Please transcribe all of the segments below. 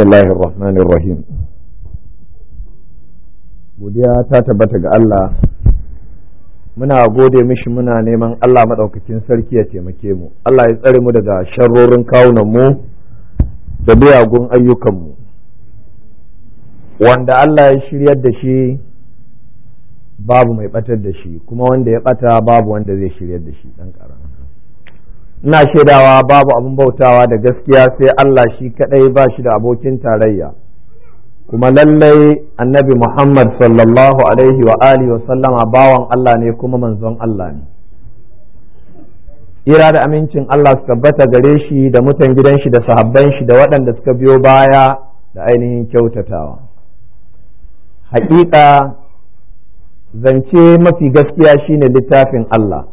bismillahir godiya ta tabbata ga Allah muna gode mishi muna neman Allah madaukakin sarki ya taimake mu Allah ya tsare mu daga sharrorin kawunan mu da biyagun ayyukan mu wanda Allah ya shiryar da shi babu mai batar da shi kuma wanda ya bata babu wanda zai shiryar da shi dan karam ina shaidawa babu abin bautawa da gaskiya sai Allah shi kadai ba shi da abokin tarayya kuma lallai annabi Muhammad sallallahu alaihi wa alihi wa sallama bawan Allah ne kuma manzon Allah ne ira da amincin Allah su tabbata gare shi da mutan gidan shi da sahabban shi da waɗanda suka biyo baya da ainihin kyautatawa haƙiƙa zance mafi gaskiya shine littafin Allah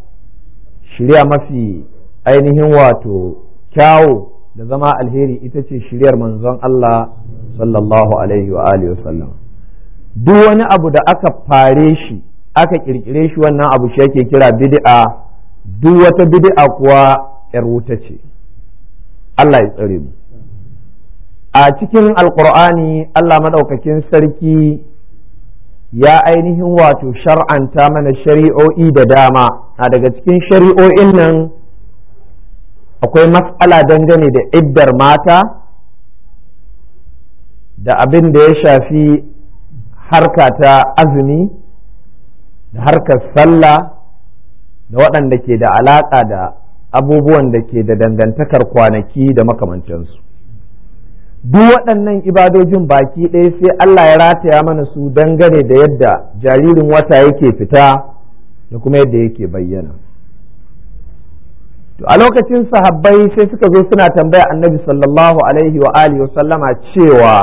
shirya mafi ainihin wato kyawu da zama alheri ita ce shiryar manzon Allah sallallahu alaihi wa alihi wasallam duk wani abu da aka fare shi aka kirkire shi wannan abu shi yake kira bid'a duk wata bid'a kuwa yar wuta ce Allah ya tsare mu a cikin alkur'ani Allah madaukakin sarki ya ainihin wato shar'anta mana shari'o'i da dama a daga cikin shari'o'in nan akwai matsala dangane da iddar mata da abin da ya shafi harka ta azumi da harkar sallah da waɗanda ke da alaƙa da abubuwan da ke da dangantakar kwanaki da makamantansu duk waɗannan ibadojin baki ɗaya sai Allah ya rataya mana su dangane da yadda jaririn wata yake fita da kuma yadda yake bayyana to a lokacin sahabbai sai suka zo suna tambaya annabi sallallahu alaihi wa alihi sallama cewa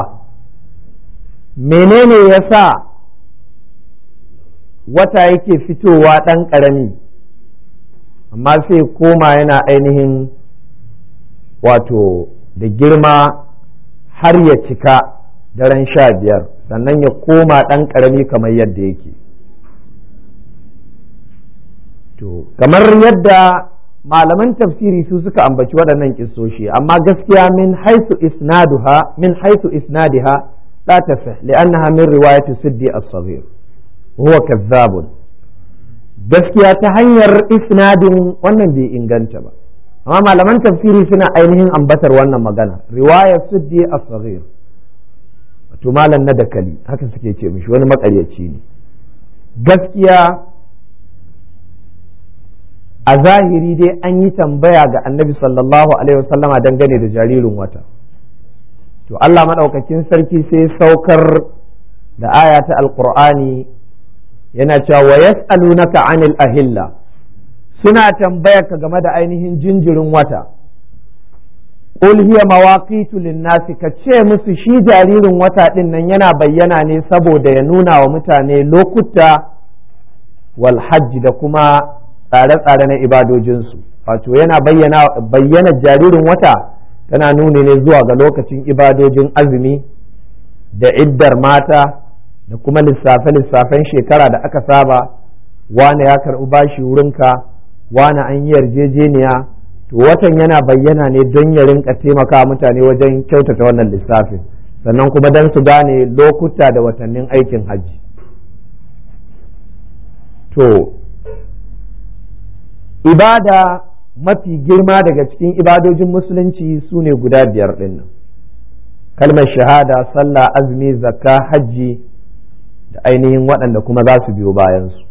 menene ya sa wata yake fitowa ɗan ƙarami amma sai koma yana ainihin wato da girma har ya cika daren sha biyar sannan ya koma ɗan ƙarami kamar yadda yake to kamar yadda malaman tafsiri su suka ambaci waɗannan kisoshi, amma gaskiya min haisu isnaduha min haisu isnadiha la tasih li'annaha min riwayati siddi as-saghir huwa gaskiya ta hanyar isnadin wannan bai inganta ba amma malaman tafsiri suna ainihin ambatar wannan magana riwaya siddi as wato malam na dakali haka suke ce mishi wani makaryaci ne gaskiya a zahiri dai an yi tambaya ga annabi sallallahu alaihi wasallama dangane da jaririn wata to Allah maɗaukakin sarki sai saukar da aya ta alkur'ani yana cewa wa yas'alunaka anil ahilla suna tambaya ka game da ainihin jinjirin wata qul hiya mawaqitu lin-nasi ka ce musu shi jaririn wata din nan yana bayyana ne saboda ya nuna wa mutane lokuta wal hajji da kuma tsare-tsare na ibadojinsu wato yana bayyana bayyana jaririn wata tana nuni ne zuwa ga lokacin ibadojin azumi da iddar mata da kuma lissafe-lissafen shekara da aka saba wane ya karɓi bashi wurinka wane an yi yarjejeniya to watan yana bayyana ne don ya rinka taimaka mutane wajen kyautata wannan lissafin sannan kuma don su gane lokuta da watannin aikin hajji to ibada mafi girma daga cikin ibadojin musulunci su ne guda biyar ɗin kalmar shahada sallah azumi zakka hajji da ainihin waɗanda kuma za su biyo bayansu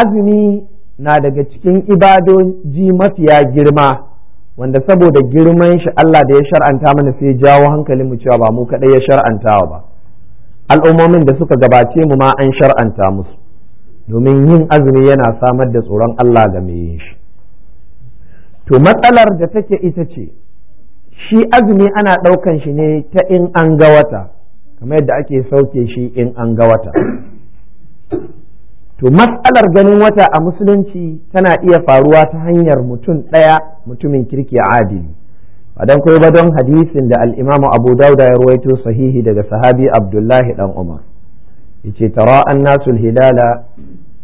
azumi na daga cikin ibadoji mafiya girma wanda saboda girman shi Allah da ya shar'anta mana sai jawo hankalin mu cewa ba mu kaɗai ya shar'antawa ba al'ummomin da suka gabace mu ma an shar'anta musu domin yin azumi yana samar da tsoron Allah ga mai yin shi to matsalar da take ita ce shi azumi ana ɗaukan shi ne ta in an ga wata kamar yadda ake sauke shi in an ga wata to matsalar ganin wata a musulunci tana iya faruwa ta hanyar mutum ɗaya mutumin kirki adili Wadan don ba don hadisin da al'imamu abu dauda ya ruwaito sahihi daga sahabi abdullahi ɗan umar yace tara annasul hilala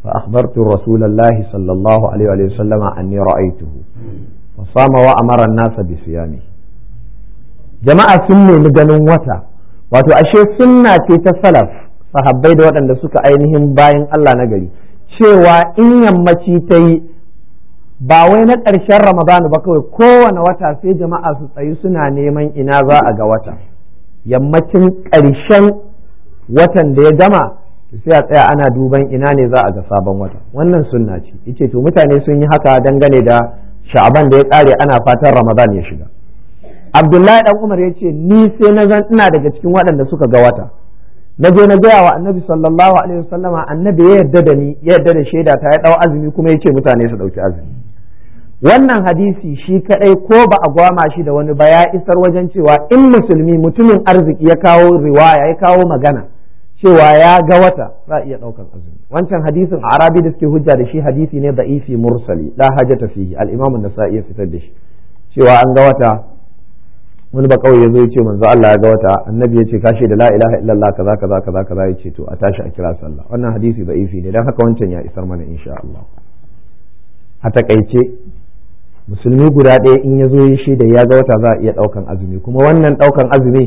فأخبرت رسول الله صلى الله عليه وسلم أني رأيته فصام وأمر الناس بصيامه jama'a sun nemi ganin wata wato ashe sunna ce ta salaf sahabbai da waɗanda suka ainihin bayan Allah na gari cewa in yammaci tayi. ba wai na ƙarshen ramadanu ba kawai kowane wata sai jama'a su tsayi suna neman ina za a ga wata yammacin ƙarshen watan da ya gama sai a tsaya ana duban ina ne za a ga sabon wata wannan sunna ce yace to mutane sun yi haka dangane da sha'aban da ya tsare ana fatan ramadan ya shiga abdullahi dan umar ya ce ni sai na zan ina daga cikin waɗanda suka ga wata na je na gaya wa annabi sallallahu alaihi wasallama annabi ya yarda da ni ya yarda da shaida ta ya dau azumi kuma yace mutane su dauki azumi wannan hadisi shi kadai ko ba a gwama shi da wani ba ya isar wajen cewa in musulmi mutumin arziki ya kawo riwaya ya kawo magana cewa ya ga wata za a iya ɗaukan azumi wancan hadisin a arabi da suke hujja da shi hadisi ne da ifi mursali la hajata fihi al nasai ya fitar da shi cewa an ga wata wani ya zo ya ce manzo Allah ya ga wata annabi ya ce kashi da la ilaha illallah kaza kaza kaza kaza ce to a tashi a kira sallah wannan hadisi da ifi ne dan haka wancan ya isar mana insha Allah a takaice musulmi guda ɗaya in ya zo ya shi da ya ga wata za a iya ɗaukan azumi kuma wannan ɗaukan azumi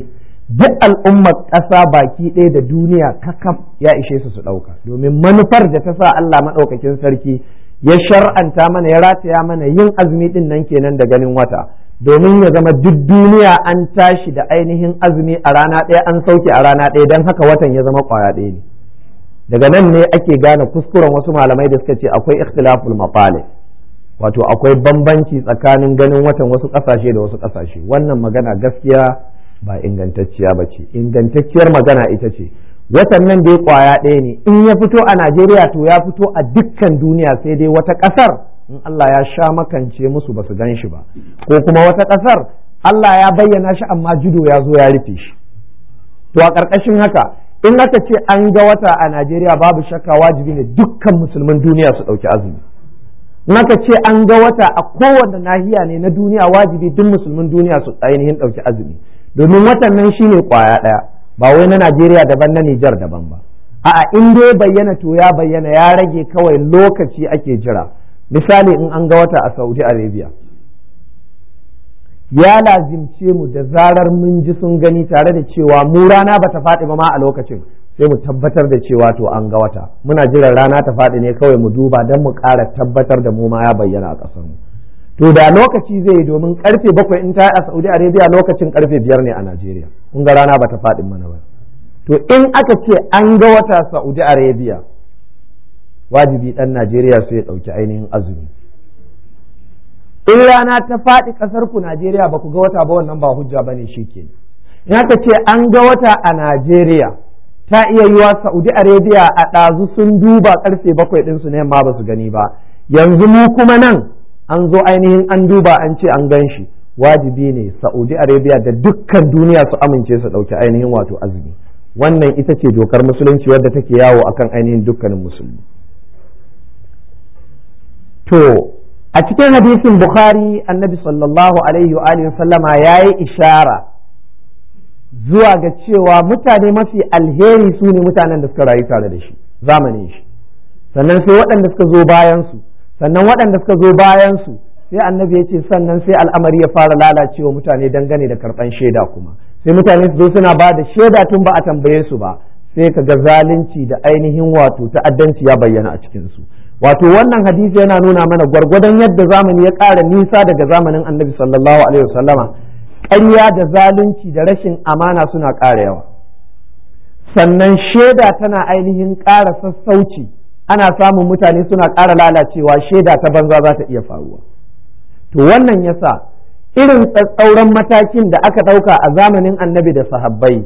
duk al'ummar ƙasa baki ɗaya da duniya kakaf ya ishe su su ɗauka domin manufar da ta sa Allah maɗaukakin sarki ya shar'anta mana ya rataya mana yin azumi ɗin nan kenan da ganin wata domin ya zama duk duniya an tashi da ainihin azumi a rana ɗaya an sauke a rana ɗaya don haka watan ya zama ƙwaya ɗaya ne daga nan ne ake gane kuskuren wasu malamai da suka ce akwai ikhtilaful mafale wato akwai bambanci tsakanin ganin watan wasu ƙasashe da wasu ƙasashe wannan magana gaskiya ba ingantacciya ba ce ingantacciyar magana ita ce watan nan dai kwaya ɗaya ne in ya fito a najeriya to ya fito a dukkan duniya sai dai wata ƙasar in allah ya sha makance musu ba su gan shi ba ko kuma wata ƙasar allah ya bayyana shi amma judo ya zo ya rufe shi to a ƙarƙashin haka in aka ce an ga wata a najeriya babu shakka wajibi ne dukkan musulmin duniya su ɗauki azumi in aka ce an ga wata a kowane nahiya ne na duniya wajibi duk musulmin duniya su ainihin ɗauki azumi domin watan nan shine kwaya ɗaya ba wai na Najeriya daban na Nijar daban ba a'a in dai bayyana to ya bayyana ya rage kawai lokaci ake jira misali in an ga wata a Saudi Arabia ya lazimce mu da zarar mun ji sun gani tare da cewa mu rana bata faɗi ba ma a lokacin sai mu tabbatar da cewa to an ga wata muna jiran rana ta faɗi ne kawai mu duba don mu ƙara tabbatar da mu ma ya bayyana a ƙasar mu to da lokaci zai yi domin karfe bakwai in ta a saudi arabia lokacin karfe biyar ne a najeriya kun ga rana ba ta faɗin mana ba to in aka ce an ga wata saudi arabia wajibi ɗan najeriya su ya ɗauki ainihin azumi in rana ta faɗi ƙasar ku najeriya ba ku ga wata ba wannan ba hujja ba ne shi ke in aka ce an ga wata a najeriya ta iya yiwa saudi arabia a ɗazu sun duba karfe bakwai ɗinsu na yamma ba su gani ba yanzu mu kuma nan an zo ainihin an duba an ce an gan shi wajibi ne saudi arabia da dukkan duniya su amince su ɗauki ainihin wato azumi wannan ita ce dokar musulunci wadda take yawo akan ainihin dukkanin musulmi to a cikin hadisin bukhari annabi sallallahu alaihi wa alihi ya yayi ishara zuwa ga cewa mutane mafi alheri su ne mutanen da suka rayu tare da shi zamanin shi sannan sai waɗanda suka zo bayan su sannan waɗanda suka zo bayan su sai annabi ya ce sannan sai al'amari ya fara lalacewa mutane dangane da karɓan shaida kuma sai mutane su zo suna ba da shaida tun ba a tambaye su ba sai ka ga zalunci da ainihin wato ta'addanci ya bayyana a cikin su wato wannan hadisi yana nuna mana gwargwadon yadda zamani ya ƙara nisa daga zamanin annabi sallallahu alaihi wasallama ƙarya da zalunci da rashin amana suna ƙara yawa sannan shaida tana ainihin ƙara sassauci ana samun mutane suna ƙara lalacewa shaida ta banza za ta iya faruwa to wannan yasa irin tsatsauran matakin da aka ɗauka a zamanin annabi da sahabbai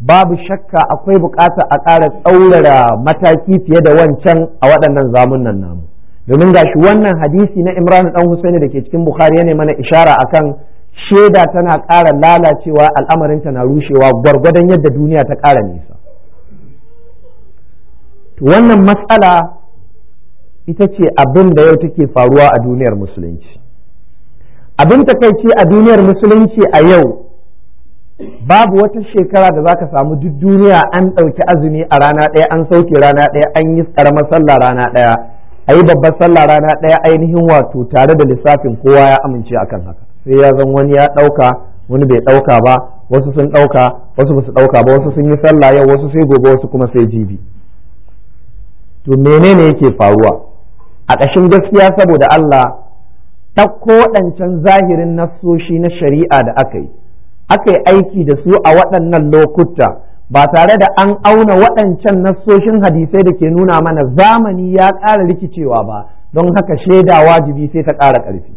babu shakka akwai buƙatar a ƙara tsaurara mataki fiye da wancan a waɗannan zamunan namu domin gashi wannan hadisi na imran dan husaini da ke cikin bukhari ya mana ishara akan shaida tana ƙara lalacewa al'amarinta na rushewa gwargwadon yadda duniya ta ƙara nisa wannan matsala ita ce abin da yau take faruwa a duniyar musulunci abin takaici a duniyar musulunci a yau babu wata shekara da za ka samu duk duniya an ɗauki azumi a rana ɗaya an sauke rana ɗaya an yi ƙaramar sallah rana ɗaya a yi babbar sallah rana ɗaya ainihin wato tare da lissafin kowa ya amince akan haka sai ya zan wani ya ɗauka wani bai ɗauka ba wasu sun ɗauka wasu ba su ɗauka ba wasu sun yi sallah yau wasu sai gobe wasu kuma sai jibi to menene yake faruwa a ƙashin gaskiya saboda Allah ta waɗancan zahirin nassoshi na shari'a da aka yi aka yi aiki da su a waɗannan lokuta ba tare da an auna waɗancan nassoshin hadisai da ke nuna mana zamani ya ƙara rikicewa ba don haka shaida wajibi sai ta ƙara ƙarfi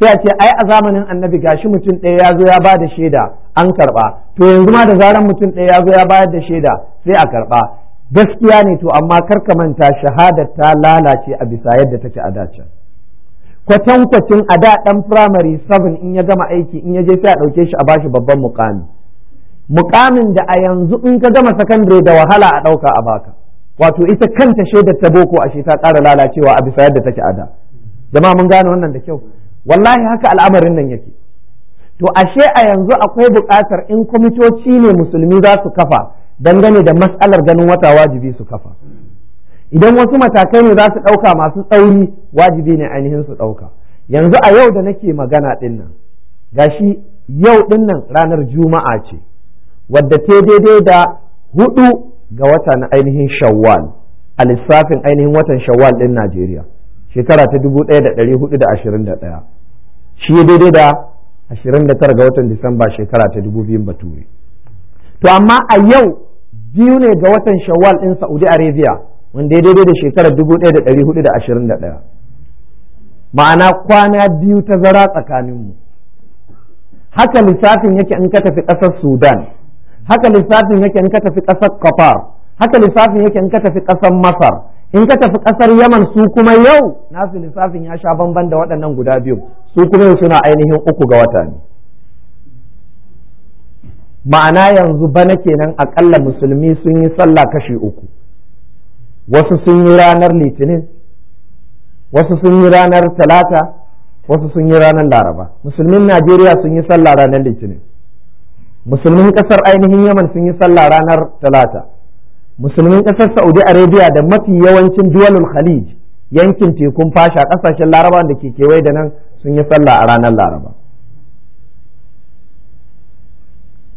sai a ce ai a zamanin annabi gashi mutum ɗaya ya zo ya ba da shaida an karɓa to yanzu ma da zaran mutum ɗaya ya zo ya bayar da shaida sai a karɓa gaskiya ne to amma kar ka manta shahadar ta lalace a bisa yadda take a dace kwatankwacin a da ɗan firamare 7 in ya gama aiki in ya je sai a dauke shi a bashi babban mukami mukamin da a yanzu in ka gama sakandare da wahala a ɗauka a baka wato ita kanta shaidar ta boko ashe ta ƙara lalacewa a bisa yadda take a da jama'a mun gane wannan da kyau wallahi haka al'amarin nan yake to ashe a yanzu akwai buƙatar in kwamitoci ne musulmi za su kafa dangane da matsalar ganin wata wajibi su kafa idan wasu matakai ne za su ɗauka masu tsauri wajibi ne ainihin su ɗauka yanzu a yau da nake magana ɗinnan gashi yau ɗinnan ranar juma'a ce wadda ta daidai da hudu ga wata na ainihin shawwal a lissafin ainihin watan shawwal ɗin najeriya shekara ta dubu ɗaya da ɗari hudu da ashirin da ɗaya shi daidai da ashirin da tara ga watan disamba shekara ta dubu biyun bature to amma a yau biyu ne ga watan shawwal ɗin saudi arabia wanda ya daidai da shekarar 1421 ma'ana kwana biyu ta zara tsakaninmu haka lissafin yake in ka tafi ƙasar sudan haka lissafin yake in ka tafi ƙasar qatar haka lissafin yake in ka tafi ƙasar masar in ka tafi ƙasar yaman su kuma yau nasu lissafin ya sha bamban da waɗannan guda biyu su kuma yau suna ainihin uku ga wata ne ma'ana yanzu bana kenan akalla musulmi sun yi sallah kashi uku wasu sun yi ranar litinin wasu sun yi ranar talata wasu sun yi ranar laraba musulmin najeriya sun yi sallah ranar litinin musulmin kasar ainihin yaman sun yi sallah ranar talata musulmin kasar saudi arabia da mafi yawancin duwalul khalij yankin tekun fasha kasashen laraba da ke kewaye da nan sun yi sallah a ranar laraba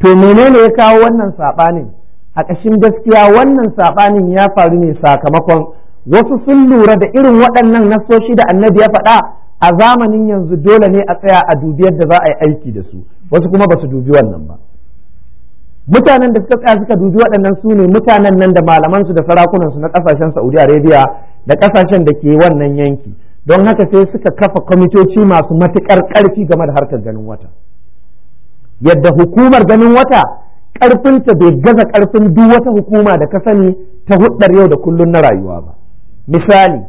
to menene ya kawo wannan saɓanin a ƙashin gaskiya wannan saɓanin ya faru ne sakamakon wasu sun lura da irin waɗannan nasoshi da annabi ya faɗa a zamanin yanzu dole ne a tsaya a dubi yadda za a yi aiki da su wasu kuma ba su dubi wannan ba mutanen da suka tsaya suka dubi waɗannan su ne mutanen nan da malaman su da sarakunansu na ƙasashen saudi arabia da ƙasashen da ke wannan yanki don haka sai suka kafa kwamitoci masu matuƙar ƙarfi game da harkar ganin wata yadda hukumar ganin wata ƙarfinta bai gaza ƙarfin duk wata hukuma da ka sani ta huɗar yau da kullun na rayuwa ba misali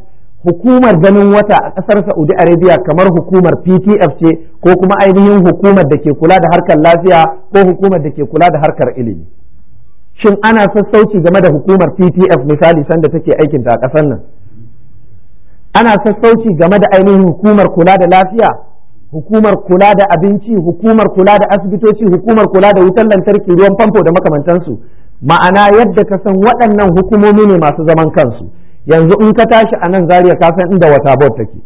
hukumar ganin wata a ƙasar saudi arabia kamar hukumar ptf ce ko kuma ainihin hukumar da ke kula da harkar lafiya ko hukumar da ke kula da harkar ilimi shin ana sassauci game da hukumar ptf misali sanda take aikinta a ƙasar nan ana sassauci game da ainihin hukumar kula da lafiya hukumar kula da abinci hukumar kula da asibitoci hukumar kula da wutar lantarki ruwan famfo da makamantansu ma'ana yadda ka san waɗannan hukumomi ne masu zaman kansu yanzu in ka tashi a nan zariya ka san inda wata bot take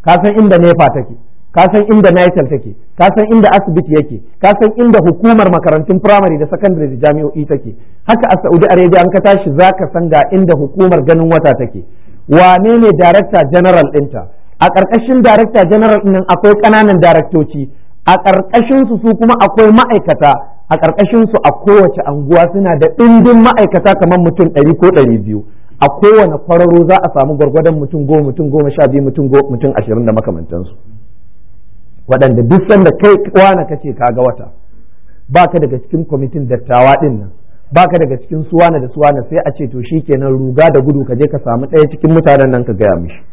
ka san inda nepa take ka san inda nitel take ka san inda asibiti yake ka san inda hukumar makarantun primary da secondary da jami'o'i take haka a saudi arabia an ka tashi zaka san ga inda hukumar ganin wata take wane ne director general ɗinta a ƙarƙashin darakta general ɗin akwai ƙananan daraktoci a ƙarƙashin su su kuma akwai ma'aikata a ƙarƙashin su a kowace anguwa suna da ɗimbin ma'aikata kamar mutum ɗari ko ɗari biyu a kowane kwararo za a samu gwargwadon mutum goma mutum goma sha biyu mutum mutum ashirin da makamantansu waɗanda duk sanda kai wane kace ka ga wata baka daga cikin kwamitin dattawa ɗin nan baka daga cikin suwana da suwana sai a ce to shikenan ruga da gudu ka je ka samu ɗaya cikin mutanen nan ka gaya mishi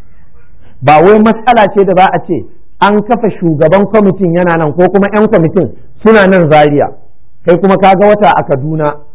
ba wai matsala ce da za a ce an kafa shugaban kwamitin yana nan ko kuma 'yan kwamitin suna nan zaria kai kuma ka ga wata a kaduna